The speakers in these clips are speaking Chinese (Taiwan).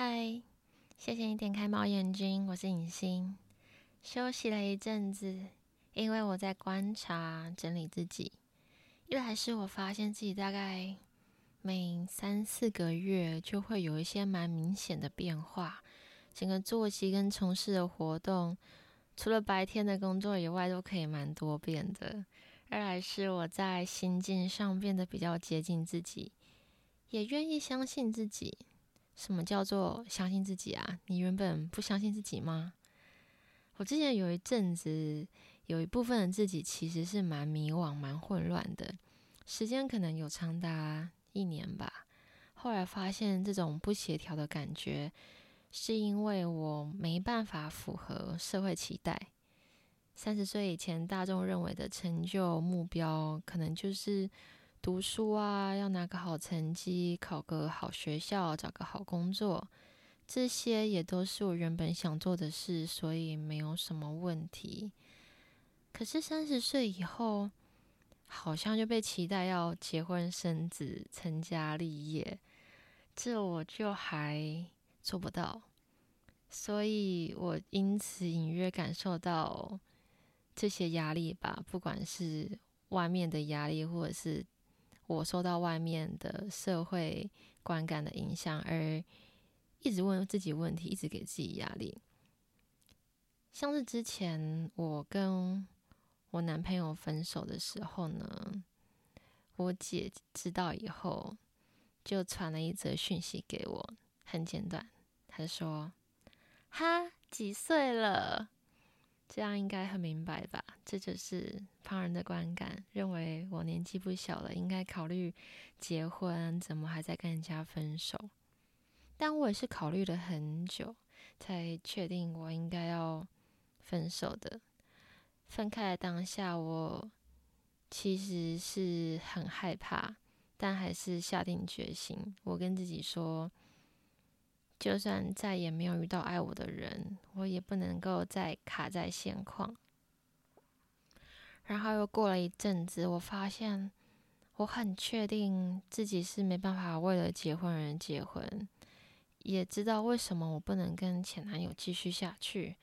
嗨，謝謝你點開貓眼君，我是影星。休息了一陣子，因為我在觀察整理自己。一來是我發現自己大概每三四個月就會有一些蠻明顯的變化，整個作息跟從事的活動，除了白天的工作以外，都可以蠻多變的。二來是我在心境上變得比較接近自己，也願意相信自己。什麼叫做相信自己啊？你原本不相信自己嗎？我之前有一陣子，有一部分的自己其實是蠻迷惘、蠻混亂的，時間可能有長達一年吧。後來發現這種不協調的感覺，是因為我沒辦法符合社會期待。三十歲以前，大眾認為的成就目標可能就是。讀書啊，要拿個好成績，考個好學校，找個好工作，這些也都是我原本想做的事，所以沒有什麼問題。可是三十歲以後，好像就被期待要結婚生子、成家立業，這我就還做不到。所以我因此隱約感受到這些壓力吧，不管是外面的壓力，或者是。我受到外面的社會觀感的影響，而一直問自己問題，一直給自己壓力。像是之前我跟我男朋友分手的時候呢，我姐知道以後就傳了一則訊息給我，很簡短，她說：“哈，幾歲了？”這樣應該很明白吧？這就是旁人的觀感，認為我年紀不小了，應該考慮結婚，怎麼還在跟人家分手？但我也是考慮了很久，才確定我應該要分手的。分開的當下，我其實是很害怕，但還是下定決心。我跟自己說，就算再也沒有遇到愛我的人，我也不能夠再卡在現況。然後又過了一陣子，我發現我很確定自己是沒辦法為了結婚而結婚，也知道為什麼我不能跟前男友繼續下去。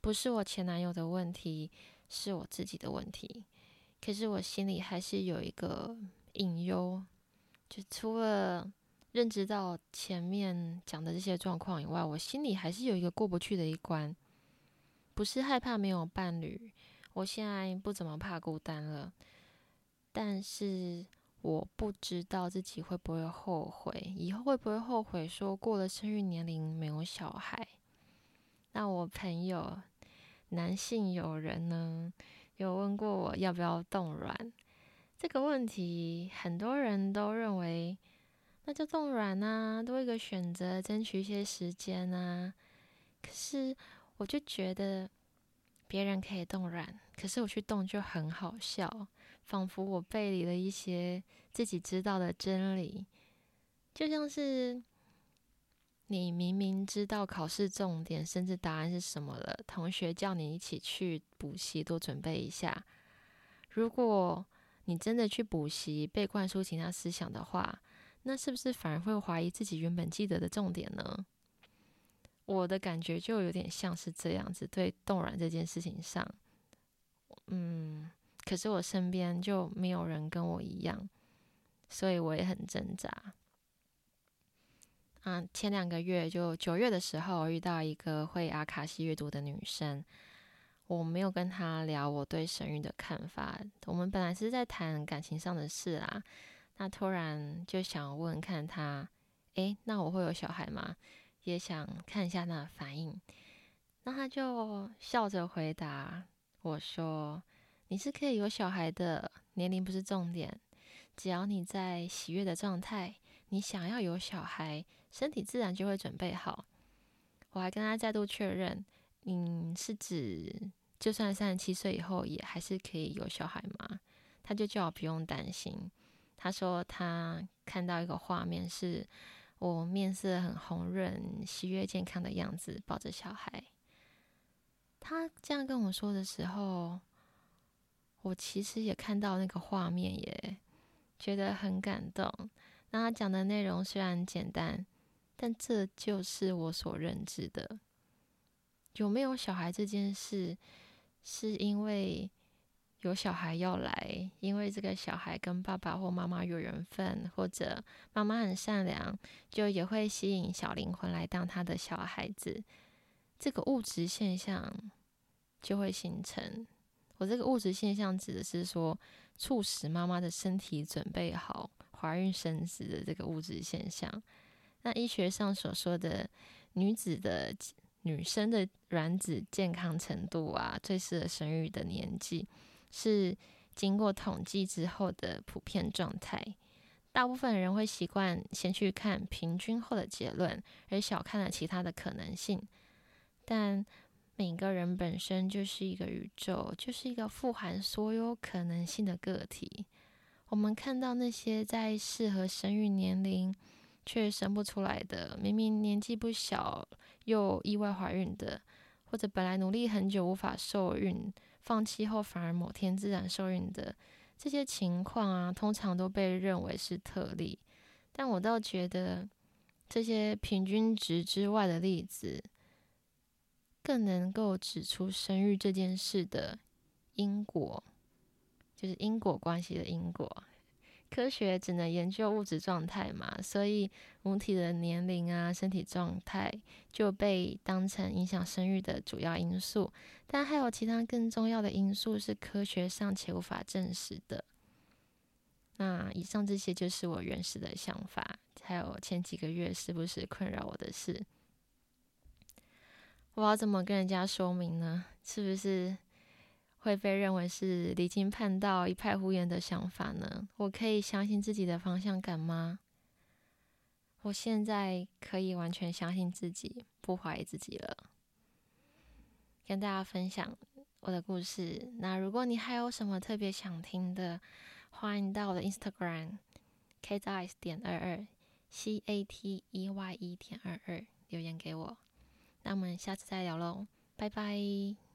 不是我前男友的問題，是我自己的問題。可是我心裡還是有一個隱憂，就除了認知到前面講的這些狀況以外，我心裡還是有一個過不去的一關。不是害怕沒有伴侶，我現在不怎麼怕孤單了，但是我不知道自己會不會後悔，以後會不會後悔說過了生育年齡沒有小孩。那我朋友，男性友人呢，有問過我要不要凍卵這個問題，很多人都認為。那就凍卵啊，多一個選擇，爭取一些時間啊。可是我就覺得別人可以凍卵，可是我去凍就很好笑，仿佛我背離了一些自己知道的真理。就像是你明明知道考試重點，甚至答案是什麼了，同學叫你一起去補習，多準備一下。如果你真的去補習，被灌輸其他思想的話，那是不是反而會懷疑自己原本記得的重點呢？我的感覺就有點像是這樣子，對凍卵這件事情上，嗯，可是我身邊就沒有人跟我一樣，所以我也很掙扎。啊，前兩個月就九月的時候，我遇到一個會阿卡西閱讀的女生，我沒有跟她聊我對生育的看法，我們本來是在談感情上的事啊。那突然就想問，看他，誒、欸，那我會有小孩嗎？也想看一下他的反應。那他就笑着回答我說：“你是可以有小孩的，年齡不是重點，只要你在喜悅的狀態，你想要有小孩，身體自然就會準備好。”我還跟他再度確認：“嗯，是指就算三十七歲以後，也還是可以有小孩嗎？”他就叫我不用擔心。他說他看到一個畫面，是我面色很紅潤、喜悅、健康的樣子，抱着小孩。他這樣跟我說的時候，我其實也看到那個畫面耶，覺得很感動。那他講的內容雖然簡單，但這就是我所認知的。有沒有小孩這件事，是因為。有小孩要來，因為這個小孩跟爸爸或媽媽有緣分，或者媽媽很善良，就也會吸引小靈魂來當他的小孩子。這個物質現象就會形成。我這個物質現象指的是說，促使媽媽的身體準備好懷孕生殖的這個物質現象。那醫學上所說的女子的女生的卵子健康程度啊，最適合生育的年紀，是經過統計之後的普遍狀態，大部分人會習慣先去看平均後的結論，而小看了其他的可能性。但每個人本身就是一個宇宙，就是一個富含所有可能性的個體。我們看到那些在適合生育年齡卻生不出來的，明明年紀不小又意外懷孕的，或者本來努力很久無法受孕。放棄後反而某天自然受孕的這些情況啊，通常都被認為是特例，但我倒覺得這些平均值之外的例子，更能夠指出生育這件事的因果，就是因果關係的因果。科學只能研究物質狀態嘛，所以母體的年齡啊、身體狀態就被當成影響生育的主要因素。但還有其他更重要的因素是科學尚且無法證實的。那以上這些就是我原始的想法，還有前幾個月時不時困擾我的事。我要怎麼跟人家說明呢？是不是？會被認為是離經叛道、一派胡言的想法呢？我可以相信自己的方向感嗎？我現在可以完全相信自己，不懷疑自己了。跟大家分享我的故事。那如果你還有什麼特別想聽的，歡迎到我的 Instagram cateye 點二二 c a t e y e 點二二留言給我。那我們下次再聊嘍，拜拜。